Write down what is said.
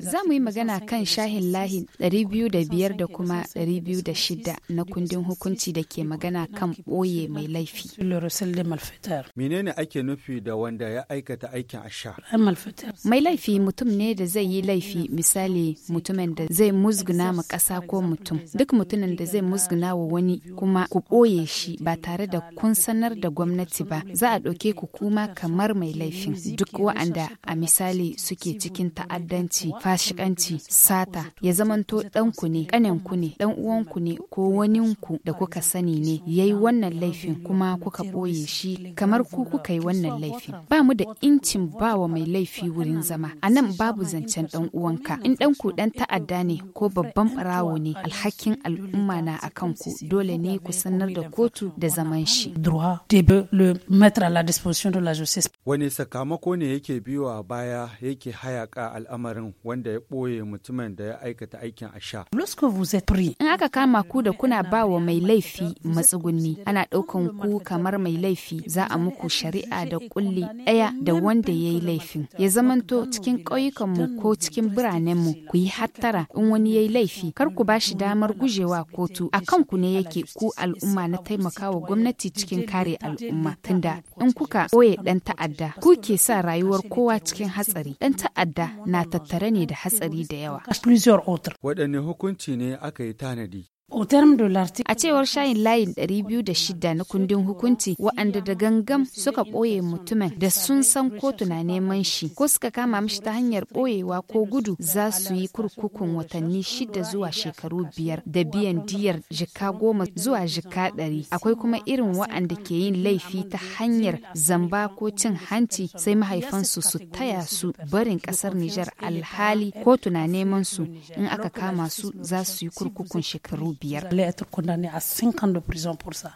Za mu yi magana kan shahin lahi 205 da kuma 206 na kundin hukunci da ke magana kan ɓoye mai laifi. Menene ake nufi da wanda ya aikata aikin asha? Mai laifi mutum ne da zai yi laifi misali mutumin da zai musguna ma ƙasa ko mutum. Duk mutumin da zai musguna wa wani kuma ku ɓoye shi ba tare da kun sanar da gwamnati ba za a ɗauke ku kuma kamar mai laifin duk waɗanda a misali suke cikin yin ta'addanci fashikanci sata ya zamanto ɗanku ne ƙanenku ne ɗan uwanku ne ko waninku da kuka sani ne ya yi wannan laifin kuma kuka ɓoye shi kamar ku kuka yi wannan laifin ba mu da incin ba wa mai laifi wurin zama a nan babu zancen ɗan uwanka in ɗanku ɗan ta'adda ne ko babban ɓarawo ne alhakin al'umma na a ku dole ne ku sanar da kotu da zaman shi. Wani sakamako ne yake biyo a baya yake haya alaka al'amarin wanda ya ɓoye mutumin da ya aikata aikin a sha. in aka kama ku da kuna ba wa mai laifi matsugunni ana ɗaukan ku kamar mai laifi za a muku shari'a da kulli ɗaya da wanda ya yi laifin ya zamanto cikin ƙauyukanmu ko cikin biranenmu ku yi hattara in wani ya yi laifi kar ku ba shi damar gujewa kotu a kanku ne yake ku al'umma na taimakawa gwamnati cikin kare al'umma tunda in kuka ɓoye ɗan ta'adda ku ke sa rayuwar kowa cikin hatsari ɗan ta'adda na tattare ne da hatsari da yawa. Waɗanne hukunci ne aka yi tanadi? A cewar shayin layin 206 na kundin hukunci waɗanda da gangam suka ɓoye mutumin da sun san kotu na neman shi ko suka kama mishi ta hanyar ɓoyewa ko gudu za su yi kurkukun watanni shida zuwa shekaru biyar da biyan diyar jika goma zuwa jika ɗari. Akwai kuma irin waɗanda ke yin laifi ta hanyar zamba ko cin hanci sai mahaifansu su taya su barin ƙasar Nijar alhali kotu na neman su in aka kama su za su yi kurkukun shekaru Pierre être condamné à 5 ans de prison pour ça.